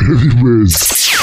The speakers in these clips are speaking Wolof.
Anyways.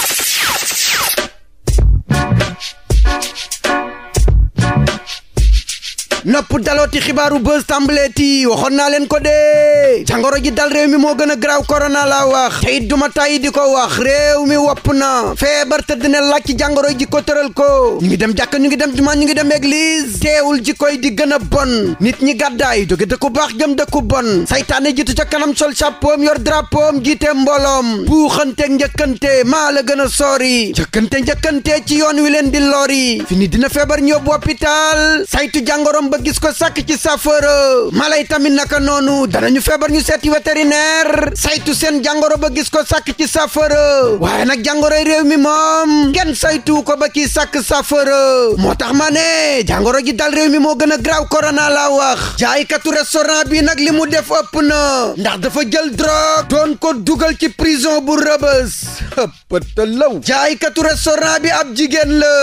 nopp dalooti xibaaru buzz tàmbaleeti waxoon naa leen ko dee jàngoro ji dal réew mi moo gën a garaaw korona laa wax te it ma tàyyi di ko wax réew mi wopp na feebar tëdd na laaj ci jàngoro ji ko tëral ko ñu ngi dem jàkk ñu ngi dem jumaa ñu ngi dem église teewul ji koy di gën a bon nit ñi gàddaay jóge dëkku baax jëm dëkku bon saytaane jiitu ca kanam sol chapeau yor drapeau am jiite mbooloom buuxante njëkkante maa la gën a sori njëkkante njëkkante ci yoon wi leen di lori fini dina feebar ñëw hôpital saytu jàngoroom ba gis ko sakk ci saafara mala yi tamit naka noonu ñu feebar ñu seeti vétérinaire saytu seen jàngoro ba gis ko sakk ci saafara waaye nag jàngoroy réew mi moom kenn saytu ko ba ci sàkk saafara moo tax ma ne jàngoro ji dal réew mi moo gën a graaw corona laa wax jaaykatu restaurant bi nag li mu def ëpp na ndax dafa jël drogue doon ko dugal ci prison bu rëbës ëppata law jaaykatu restaurant bi ab jigéen la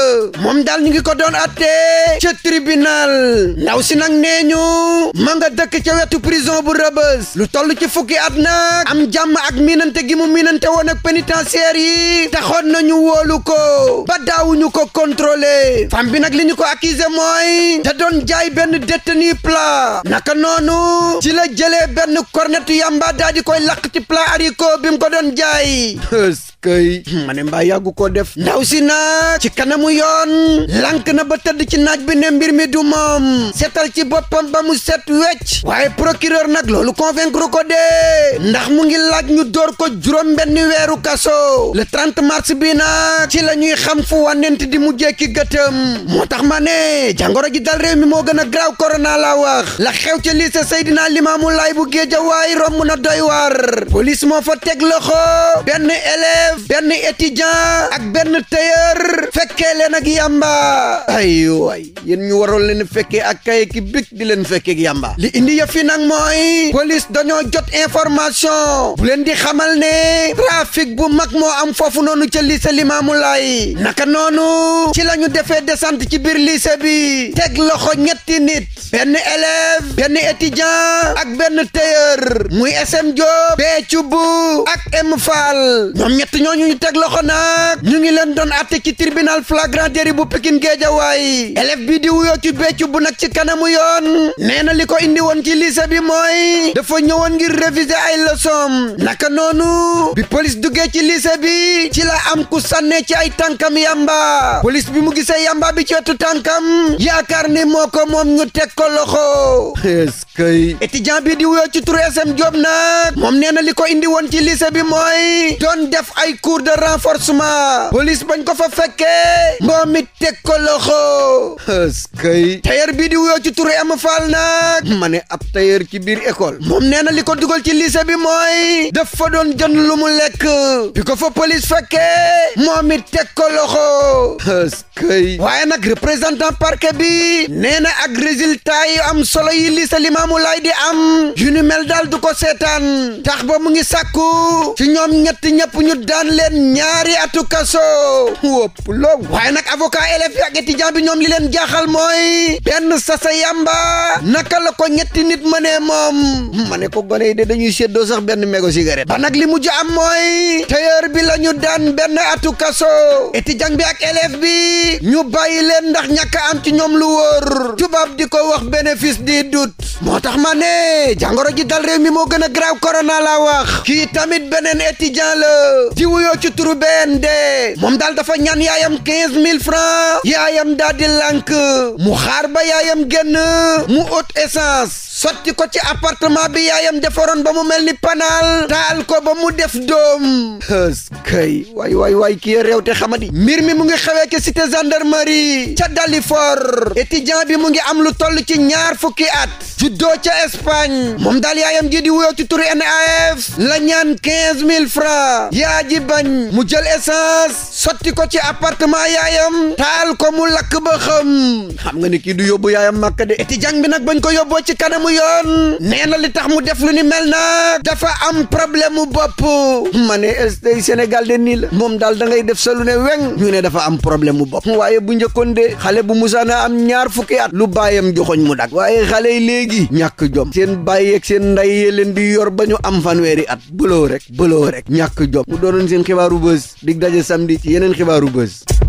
moom daal ñu ngi ko doon attee ca tribunal ndaw si nag nee ñu ma nga dëkk ca wetu prison bu rëbës lu toll ci fukki at nag am jàmm ak miinante gi mu miinante woon ak pénitentiaire yi taxoon nañu wóolu ko ba daawuñu ko contrôler fam bi nag li ñu ko accusé mooy da doon jaay benn détenu pla naka noonu ci la jëlee benn cornetu yamba daal di koy lakk ci pla ariko bim ko doon jaay kay hmm, ma mbaa yàggu koo def ndaw si nag ci kanamu yoon lank na ba tëdd ci naaj bi ne mbir mi du moom setal ci boppam ba mu set wecc waaye procureur nag loolu convaincre ko de ndax mu ngi laaj ñu door ko juróom benn weeru kaso le 30 mars bi nag ci la ñuy xam fu wànnent di mu jekki gëtëm moo tax ma ne jàngoro ji dal réew mi moo gën a graw korona la wax la xew ci lycée Seydina Limaamu Laay bu Géejawaay romb na doy waar police moo fa teg loxo benn élève élève benn étudiant ak benn tailleur fekkee leen ak yamba ay waay yéen ñu waroon leen fekkee ak kay ki bik di leen fekkee ak yamba li indi yëf yi nag mooy police dañoo jot information bu leen di xamal ne trafic bu mag moo am foofu noonu ca lycée Limamou Laye naka noonu ci la ñu defee descente ci biir lycée bi teg loxo ñetti nit benn élève benn étudiant ak benn tailleur muy SM Diop Béccu bu ak M Fall ñoom ñett ñooñu ñu teg loxo nag ñu ngi leen doon atte ci tribunal flagrant délit bu Pikine Guédiawaye élève bi di wuyoo ci beccu bu nag ci kanamu yoon nee na li ko indi woon ci lycée bi mooy dafa ñëwoon ngir réviser ay leçon naka noonu bi police duggee ci lycée bi ci la am ku sànnee ci ay tànkam yamba police bi mu gisee yamba bi ci wetu yaakaar ni moo ko moom ñu teg ko loxo bi di wuyoo ci turu SM Diop nag indi woon ci lycée bi doon def ay ay cours de renforcement police bañ ko fa fekkee moom mi teg ko loxo askay bii di wuyoo ci turu am faal nag ma ne ab tailleur ci biir école moom nee na li ko dugal ci lycée bi mooy daf fa doon jënd lu mu lekk bi ko fa police fekkee moom it teg ko loxo askay waaye nag représentant parquet bi nee na ak résultat yi am solo yi lycée Limaamu Laay di am yu ni mel daal du ko seetaan tax ba mu ngi sàkku ci ñoom ñett ñëpp ñu daal daan leen ñaari atu kaso wópp loolu waaye nag avocat élèves yi ak étudiant bi ñoom li leen jaaxal mooy benn sasa yamba naka la ko ñetti nit ma ne moom ma ne ko gone yi de dañuy séddoo sax benn mégo cigarette ba nag li mujj am mooy tailleur bi la ñu daan benn atu kaso étudiant bi ak élève bi ñu bàyyi leen ndax ñàkk am ci ñoom lu wóor tubaab di ko wax bénéfice di dut moo tax ma ne jàngoro ji dal réew mi moo gën a graaw corona laa wax kii tamit beneen étudiant la di wuyoo ci turu BND moom daal dafa ñaan yaayam quinze mille francs yaayam daal di lànk mu xaar ba yaayam génn mu haute essence sotti ko ci appartement bi yaayam defaroon ba mu mel ni panaal taal ko ba mu def doom kay waay waay waay kii réew te xamadi mbir mi mu ngi xewee ci cité gendarmerie ca Dalifort étudiant bi mu ngi am lu toll ci ñaar fukki at juddoo ca Espagne moom daal yaayam ji di wuyoo ci turu NAF la ñaan quinze mille francs yaa ji bañ mu jël essence sotti ko ci appartement yaayam taal ko mu lakk ba xam xam nga ni kii du yóbbu yaayam màkk de étudiant bi nag bañ ko yóbboo ci kanamu yoon nee li tax mu def lu ni mel nag dafa am problème mu bopp ma ne stay Sénégal de nii la moom daal da ngay def sa lu ne weŋ ñu ne dafa am problème mu bopp waaye bu njëkkoon de xale bu musaana am ñaar fukki at lu baayam mu gi ñàkk jom seen bàyyi seen nday leen di yor ba ñu am fanweeri at bëloo rek bëloo rek ñàkk jom mu doonoon seen xibaaru bës dig daje samedi ci yeneen xibaaru bës